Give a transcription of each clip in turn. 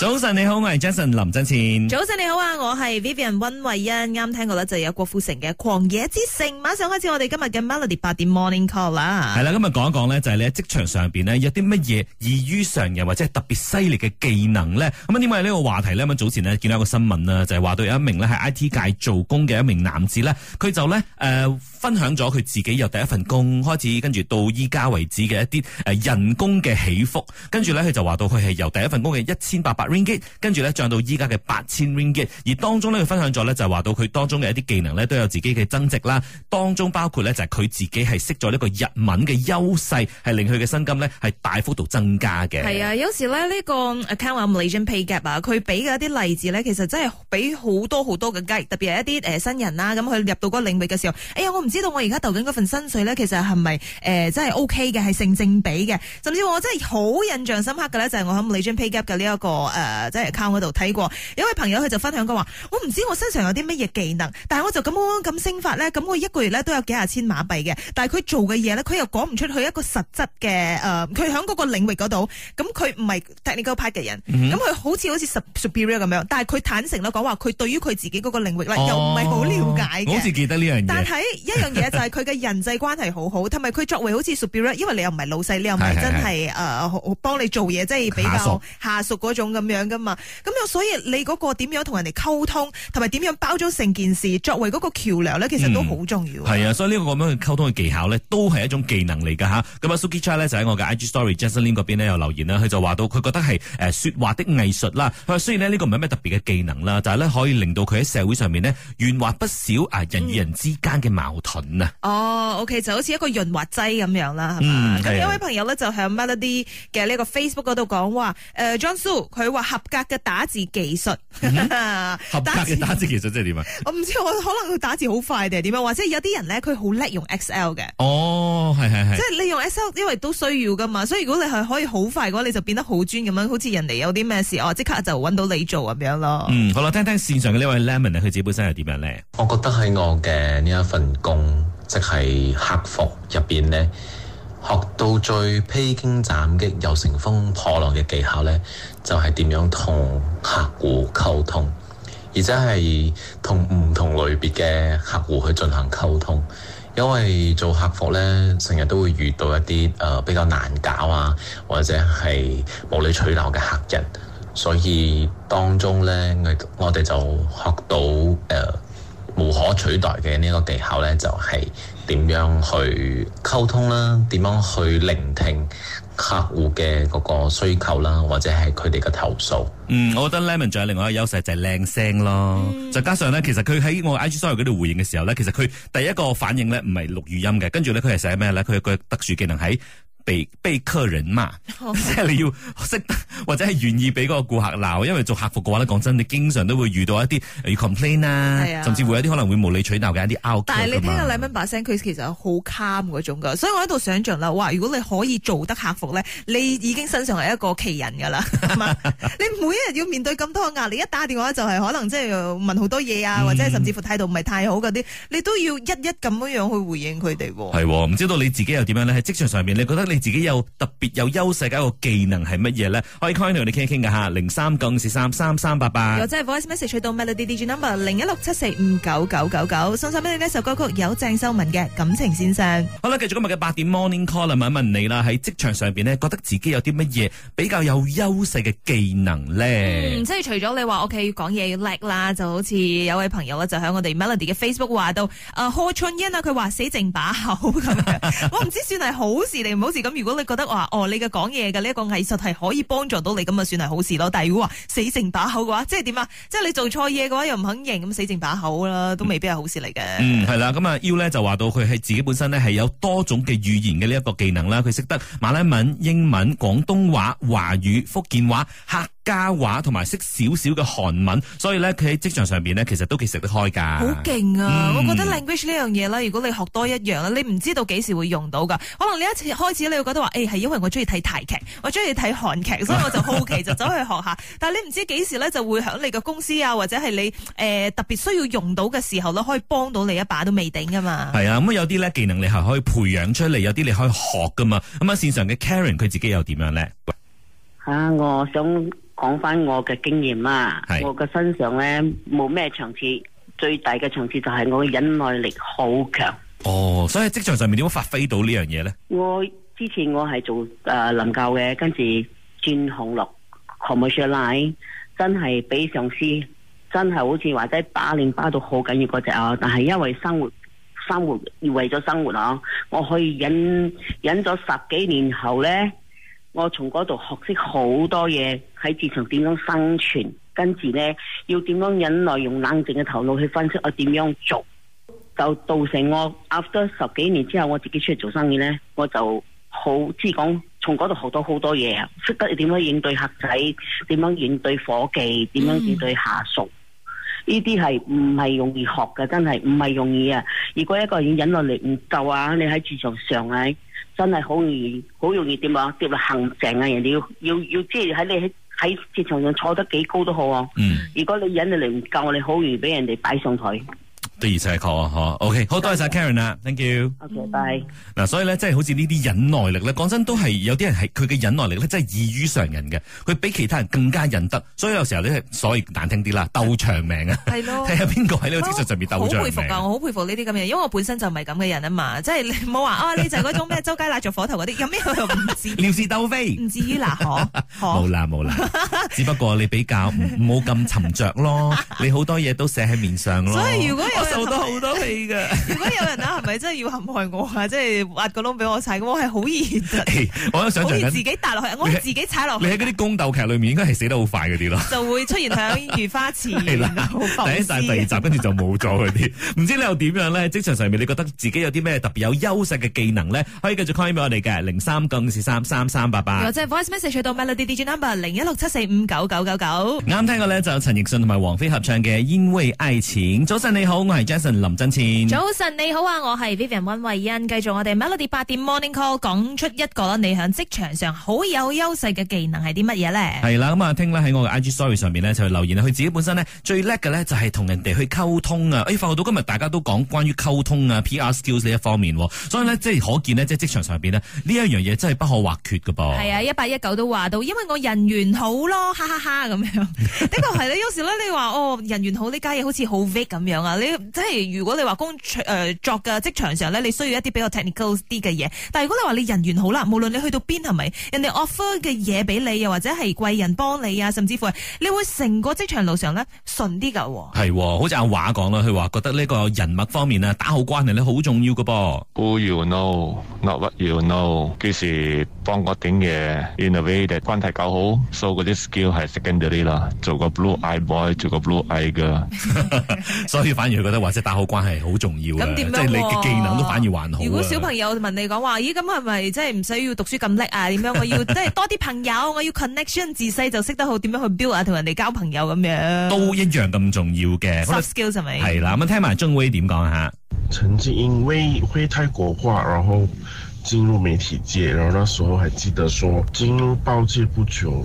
早晨，你好，我係 Jason 林振倩，早晨，你好啊，我係 Vivian 溫慧欣。啱聽過咧，就有郭富城嘅《狂野之城》。馬上開始我哋今日嘅 Melody 8點 Morning Call 啦。係啦，今日講一講呢就係你喺職場上邊呢有啲乜嘢異於常人或者係特別犀利嘅技能呢？咁點解呢個話題呢？咁？早前呢見到一個新聞啦，就係話到有一名呢係 IT 界做工嘅一名男子呢，佢就呢誒分享咗佢自己由第一份工開始，跟住到依家為止嘅一啲誒人工嘅起伏。跟住呢，佢就話到佢係由第一份工嘅一千八百 8, Ringgit 跟住咧漲到依家嘅八千 Ringgit，而當中咧佢分享咗咧就話到佢當中嘅一啲技能咧都有自己嘅增值啦，當中包括咧就係、是、佢自己係識咗呢個日文嘅優勢，係令佢嘅薪金咧係大幅度增加嘅。係啊，有時咧呢、這個 account of Malaysian pay gap 啊，佢俾嘅一啲例子咧，其實真係俾好多好多嘅雞，特別係一啲新人啦，咁、啊、佢入到嗰個領域嘅時候，哎呀，我唔知道我而家投緊嗰份薪水咧，其實係咪誒真係 O K 嘅，係成正比嘅。甚至我真係好印象深刻嘅咧，就係我喺 Malaysian pay gap 嘅呢一個。誒、呃，即係 account 嗰度睇過，有位朋友佢就分享過話，我唔知我身上有啲乜嘢技能，但係我就咁樣咁升法咧，咁我一個月咧都有幾廿千馬幣嘅。但係佢做嘅嘢咧，佢又講唔出去一個實質嘅。誒，佢響嗰個領域嗰度，咁佢唔係 technical part 嘅人，咁、嗯、佢好似好似 superior 咁樣，但係佢坦誠咧講話，佢對於佢自己嗰個領域咧、哦，又唔係好了解好似記得呢樣嘢。但係一樣嘢就係佢嘅人際關係好好，同埋佢作為好似 superior，因為你又唔係老細，你又唔係真係誒，好幫、呃、你做嘢，即、就、係、是、比較下屬嗰種咁。咁樣噶嘛？咁又所以你嗰個點樣同人哋溝通，同埋點樣包裝成件事作為嗰個橋樑咧，其實都好重要，啊。係、嗯、啊，所以呢個咁樣嘅溝通嘅技巧咧，都係一種技能嚟噶吓。咁啊，Suki Chan 咧就喺我嘅 IG Story、Justin l 嗰邊咧有留言他他、呃、啦。佢就話到佢覺得係誒說話、這個、的藝術啦。佢話雖然咧呢個唔係咩特別嘅技能啦，但係咧可以令到佢喺社會上面咧圓滑不少啊，人與人之間嘅矛盾啊、嗯。哦，OK，就好似一個潤滑劑咁樣啦，係嘛。咁有位朋友咧就喺 Melody 嘅呢個 Facebook 度講話，誒、呃、，John Sue 話合格嘅打字技術，嗯， 合格嘅打字技術即係點啊？ 我唔知，我可能打字好快定係點樣，或者有啲人咧佢好叻用 Excel 嘅。哦，係係係，即係你用 Excel 因為都需要噶嘛，所以如果你係可以好快嘅話，你就變得好專咁樣，好似人哋有啲咩事，我、啊、即刻就搵到你做咁樣咯。嗯，好啦，聽聽線上嘅呢位 Lemon 佢自己本身係點樣咧？我覺得喺我嘅呢一份工，即係客服入邊咧。學到最披荊斬棘又乘風破浪嘅技巧咧，就係點樣同客戶溝通，而且係同唔同類別嘅客戶去進行溝通。因為做客服咧，成日都會遇到一啲誒，呃，比較難搞啊，或者係無理取鬧嘅客人，所以當中咧，我哋就學到誒。呃無可取代嘅呢個技巧咧，就係、是、點樣去溝通啦，點樣去聆聽客戶嘅嗰個需求啦，或者係佢哋嘅投訴。嗯，我覺得 Lemon 仲有另外一個優勢就係、是、靚聲咯，嗯、就加上咧，其實佢喺我 IG Story 嗰度回應嘅時候咧，其實佢第一個反應咧唔係錄語音嘅，跟住咧佢係寫咩咧？佢個特殊技能喺。被被客人嘛，oh. 即係你要識或者係願意俾嗰個顧客鬧，因為做客服嘅話咧，講真的，你經常都會遇到一啲 complain 啊，甚至會有啲可能會無理取鬧嘅一啲 o u 但係你聽兩蚊把聲，佢其實好 calm 嗰種噶，所以我喺度想象啦，哇！如果你可以做得客服咧，你已經身上係一個奇人噶啦， 你每一日要面對咁多壓力，一打電話就係可能即係問好多嘢啊，或者甚至乎態度唔係太好嗰啲、嗯，你都要一一咁樣樣去回應佢哋。係、啊，唔知道你自己又點樣咧？喺職場上面，你覺得你？你自己有特別有優勢嘅一個技能係乜嘢咧？可以 call in 同你傾一傾嘅嚇，零三九五四三三三八八。或者係 voice message 去到 Melody DJ number 零一六七四五九九九九，送上俾你呢首歌曲，有鄭秀文嘅《感情線上》。好啦，繼續今日嘅八點 morning call，問一問你啦。喺職場上邊咧，覺得自己有啲乜嘢比較有優勢嘅技能咧？嗯，即係除咗你話屋企講嘢要叻啦，就好似有位朋友咧，就喺我哋 melody 嘅 Facebook 話到，啊何春恩啊，佢話死剩把口咁，我唔知算係好事定唔好事。咁如果你覺得話，哦，你嘅講嘢嘅呢一個藝術係可以幫助到你，咁啊算係好事咯。但係如果話死剩把口嘅話，即係點啊？即係你做錯嘢嘅話，又唔肯認，咁死剩把口啦，都未必係好事嚟嘅。嗯，係啦，咁啊 U 咧就話到佢係自己本身咧係有多種嘅語言嘅呢一個技能啦，佢識得馬來文、英文、廣東話、華語、福建話、哈。家話同埋識少少嘅韓文，所以咧佢喺職場上邊咧，其實都幾食得開噶。好勁啊、嗯！我覺得 language 呢樣嘢咧，如果你學多一樣啦，你唔知道幾時會用到噶。可能你一開始你會覺得話，誒、欸、係因為我中意睇泰劇，我中意睇韓劇，所以我就好奇 就走去學下。但係你唔知幾時咧就會喺你嘅公司啊，或者係你誒、呃、特別需要用到嘅時候咧，可以幫到你一把都未定噶嘛。係啊，咁有啲咧技能你係可以培養出嚟，有啲你可以學噶嘛。咁啊線上嘅 Karen 佢自己又點樣咧、啊？我想。講翻我嘅經驗啦，我嘅身上呢冇咩長處，最大嘅長處就係我嘅忍耐力好強。哦，所以職場上面點發揮到呢樣嘢呢？我之前我係做誒臨、呃、教嘅，跟住轉行落 commercially，真係俾上司真係好似話齋把零巴到好緊要嗰隻啊！但係因為生活生活而為咗生活啊，我可以忍忍咗十幾年後呢。我從嗰度學識好多嘢，喺職場點樣生存，跟住呢，要點樣忍耐，用冷靜嘅頭腦去分析我點樣做，就造成我 After 十幾年之後，我自己出嚟做生意呢，我就好即係講從嗰度學到好多嘢啊，識得點樣應對客仔，點樣應對伙計，點樣應對下屬。嗯呢啲係唔係容易學嘅，真係唔係容易啊！如果一個人忍耐力唔夠啊，你喺職場上啊，真係好易，好容易點啊跌落陷阱啊！人哋要要要即係喺你喺喺職場上坐得幾高都好啊，嗯、如果你忍耐力唔夠，你好容易俾人哋擺上台。對耳仔嚿啊，嗬，OK，好多謝，謝 Karen Thank you. Okay, bye 啊，Thank you 拜。嗱，所以咧，即係好似呢啲忍耐力咧，講真都係有啲人係佢嘅忍耐力咧，真係異於常人嘅，佢比其他人更加忍得，所以有時候你係，所以難聽啲啦，鬥長命啊。係咯。睇下邊個喺呢個資質上面鬥長命。好佩服噶，我好佩服呢啲咁嘅，因為我本身就唔係咁嘅人啊嘛，即係冇話啊，你就嗰種咩周街拉着火頭嗰啲，有咩唔至於，撩是鬥非。唔 至於嗱，冇啦冇啦，只不過你比較唔好咁沉着咯，你好多嘢都寫喺面上咯。所以如果有。做多好多戲嘅。 如果有人啊，係咪真係要陷害我啊？即 係挖個窿俾我踩，我係、hey, 好現實。我都想自己跌落去，我自己踩落去。你喺嗰啲宮鬥劇裏面，應該係死得好快嗰啲咯。 就會出現喺如花池。 第一集、第二集跟住 就冇咗嗰啲。唔 知道你又點樣咧？職場上面你覺得自己有啲咩特別有優勢嘅技能咧？可以繼續 call 俾我哋嘅零三九四三三三八八。或者 voice message 去到 melody DJ number 零一六七四五九九九九。啱聽過咧，就陳奕迅同埋王菲合唱嘅《因為愛情》。早晨你好，我係。Jason 林振前，早晨你好啊，我係 Vivian 溫慧欣，繼續我哋 Melody 八點 Morning Call，講出一個你喺職場上好有優勢嘅技能係啲乜嘢咧？係啦，咁啊聽咧喺我嘅 IG Story 上邊咧就留言，佢自己本身咧最叻嘅咧就係同人哋去溝通啊，誒、哎，發覺到今日大家都講關於溝通啊，PR skills 呢一方面，所以咧即係可見呢，即係職場上邊呢，呢一樣嘢真係不可或缺嘅噃。係啊，一八一九都話到，因為我人緣好咯，哈哈哈咁樣，的確係咧，有時咧你話哦人緣好呢家嘢好似好 Vick 咁樣啊，你。即係如果你話工誒作嘅職、呃、場上咧，你需要一啲比較 technical 啲嘅嘢。但係如果你話你人緣好啦，無論你去到邊係咪，人哋 offer 嘅嘢俾你，又或者係貴人幫你啊，甚至乎係你會成個職場路上咧順啲噶。係、哦哦，好似阿華講啦，佢話覺得呢個人脈方面啊，打好關係咧好重要噶噃。Who you know, not what you know. 幾時幫我頂嘢 in a way 關係搞好，so 嗰啲 skill 係 secondary 啦、mm-hmm.。做個 blue eye boy，做個 blue eye 噶 所以反而覺得。或者打好關係好重要、啊樣啊，即係你嘅技能都反而還好。如果小朋友問你講話，咦咁係咪即係唔使要讀書咁叻啊？點樣我要即係 多啲朋友，我要 connection 自細就識得好點樣去 build 啊，同人哋交朋友咁樣。都一樣咁重要嘅 s u s k i l l 係咪？係啦，咁聽埋 j 威 h n 點講下。曾經因為會泰國話，然後進入媒體界，然後那時候還記得說進入報界不久。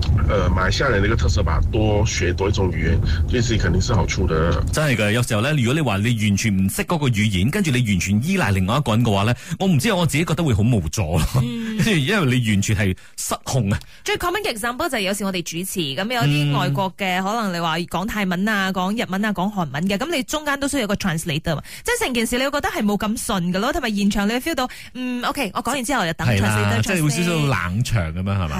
誒、呃，馬來西亞呢個特色吧，多學多一種語言，呢件事肯定是好處的。真係㗎，有時候咧，如果你話你完全唔識嗰個語言，跟住你完全依賴另外一個人嘅話咧，我唔知道我自己覺得會好無助咯， 因為你完全係失控啊、嗯。最 common example 就係有時候我哋主持，咁有啲外國嘅、嗯，可能你話講泰文啊、講日文啊、講韓文嘅，咁你中間都需要一個 translator，即係成件事你會覺得係冇咁順㗎咯，同埋現場你 feel 到，嗯，OK，我講完之後又等 translator，即係會少少冷場咁樣係嘛，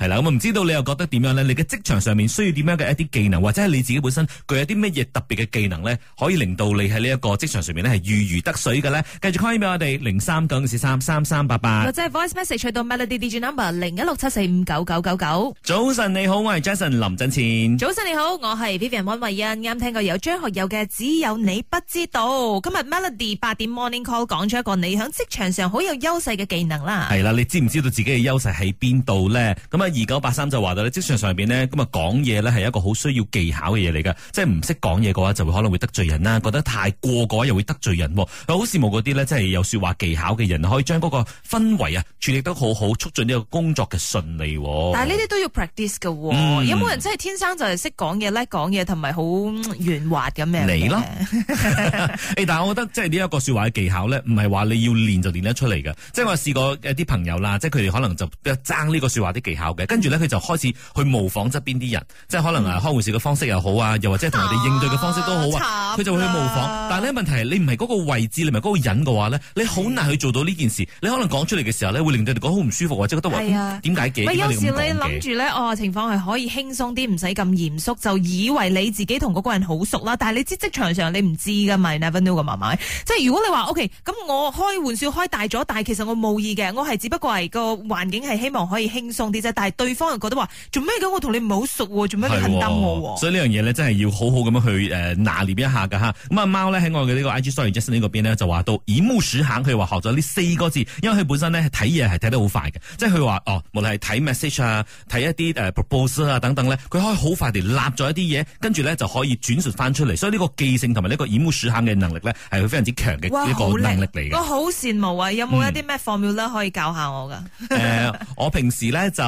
係啦，咁唔知道你。你又覺得點樣咧？你嘅職場上面需要點樣嘅一啲技能，或者係你自己本身具有啲乜嘢特別嘅技能咧，可以令到你喺呢一個職場上面咧係如魚得水嘅咧？繼續 call 起俾我哋零三九二四三三三八八，或者 voice message 去到 Melody Digital Number 零一六七四五九九九九。早晨你好，我係 Jason 林振前。早晨你好，我係 Vivian 温慧欣。啱聽過有張學友嘅《只有你不知道》。今日 Melody 八點 morning call 講出一個你喺職場上好有優勢嘅技能啦。係啦，你知唔知道自己嘅優勢喺邊度咧？咁啊，二九八三就。話啦，職場上邊呢，咁啊講嘢咧係一個好需要技巧嘅嘢嚟噶，即係唔識講嘢嘅話，就會可能會得罪人啦，覺得太過嘅話，又會得罪人。好羨慕嗰啲咧，即係有說話技巧嘅人，可以將嗰個氛圍啊處理得好好，促進呢個工作嘅順利。但係呢啲都要 practice 嘅、嗯，有冇人真係天生就係識講嘢、叻講嘢，同埋好圓滑咁樣？你咯， 但係我覺得即係呢一個說話嘅技巧咧，唔係話你要練就練得出嚟嘅。即係我試過一啲朋友啦，即係佢哋可能就爭呢個說話啲技巧嘅，跟住咧佢就開始開始去模仿側邊啲人，即係可能啊開玩笑嘅方式又好啊，又或者同人哋應對嘅方式都好啊，佢就會去模仿。但係呢問題係，你唔係嗰個位置，你唔係嗰個人嘅話呢，你好難去做到呢件事。你可能講出嚟嘅時候咧，會令到你哋講好唔舒服，或者覺得話點解幾咁搏嘅。啊嗯、有時你諗住呢，哦、呃、情況係可以輕鬆啲，唔使咁嚴肅，就以為你自己同嗰個人好熟啦。但係你知職場上你唔知噶嘛，never knew 嘅嘛，即係如果你話 OK，咁我開玩笑開大咗，但係其實我冇意嘅，我係只不過係個環境係希望可以輕鬆啲啫。但係對方又覺得做咩嘅？我同你唔係好熟，做咩恨得我、哦？所以呢樣嘢咧，真係要好好咁樣去誒，拿捏一下噶吓。咁阿貓咧喺我嘅呢個 I G Sorry Justin 嗰邊咧，就話到一目十行，佢話學咗呢四個字，因為佢本身咧係睇嘢係睇得好快嘅，即係佢話哦，無論係睇 message 啊，睇一啲誒 proposal 啊等等咧，佢可以好快地立咗一啲嘢，跟住咧就可以轉述翻出嚟。所以呢個記性同埋呢個一目十行嘅能力咧，係佢非常之強嘅一個能力嚟嘅。我好羨慕啊！有冇一啲咩 formula、嗯、可以教下我噶、呃？我平時咧就。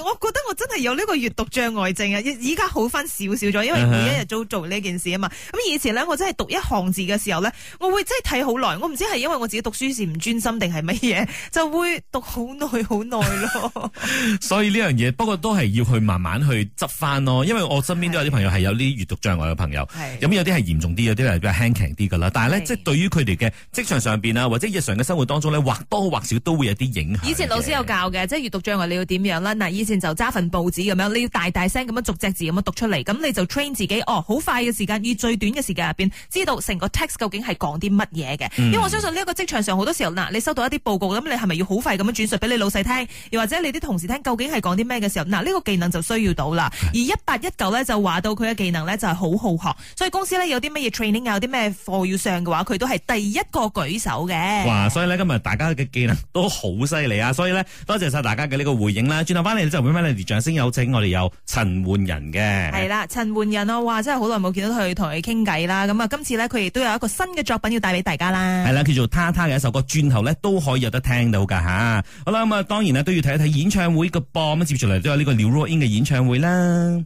我覺得我真係有呢個閱讀障礙症啊！依家好翻少少咗，因為每一日都做呢件事啊嘛。咁以前咧，我真係讀一行字嘅時候咧，我會真係睇好耐。我唔知係因為我自己讀書時唔專心定係乜嘢，就會讀好耐好耐咯。 所以呢樣嘢，不過都係要去慢慢去執翻咯。因為我身邊都有啲朋友係有呢閱讀障礙嘅朋友，咁有啲係嚴重啲，有啲係比較輕輕啲噶啦。但係咧，即係對於佢哋嘅職場上邊啊，或者日常嘅生活當中咧，或多或少都會有啲影響。以前老師有教嘅，即係閱讀障礙你要點樣啦？嗱，以前。就揸份報紙咁樣，你要大大聲咁樣逐隻字咁樣讀出嚟，咁你就 train 自己哦，好快嘅時間，以最短嘅時間入邊，知道成個 text 究竟係講啲乜嘢嘅。因為我相信呢個職場上好多時候，嗱，你收到一啲報告咁，你係咪要好快咁樣轉述俾你老細聽，又或者你啲同事聽，究竟係講啲咩嘅時候，嗱、啊，呢個技能就需要到啦。而一八一九咧，就話到佢嘅技能咧就係好好學，所以公司咧有啲乜嘢 training 有啲咩課要上嘅話，佢都係第一個舉手嘅。哇！所以呢，今日大家嘅技能都好犀利啊！所以呢，多謝晒大家嘅呢個回應啦。轉頭翻嚟。就俾 Melody 掌聲，有請。我哋有陳煥仁嘅係啦，陳煥仁啊，哇真係好耐冇見到佢同佢傾偈啦，咁啊今次咧佢亦都有一個新嘅作品要帶俾大家啦，係啦，叫做他他嘅一首歌，轉頭咧都可以有得聽到噶吓、啊，好啦咁啊，當然咧都要睇一睇演唱會嘅噃，咁接住嚟都有呢個廖若英嘅演唱會啦。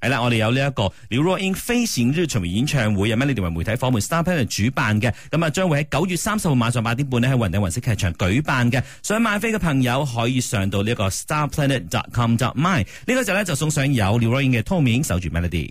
係 啦，我哋有呢一個《The Rolling Faces》演唱會，阿咩你 y 為媒體訪問 Star Planet 主辦嘅，咁啊將會喺九月三十號晚上八點半咧喺雲頂雲色劇場舉辦嘅。想買飛嘅朋友可以上到呢個 Star Planet dot com 就買，這、呢個就咧就送上有《The Rolling》嘅封面，守住 Melody。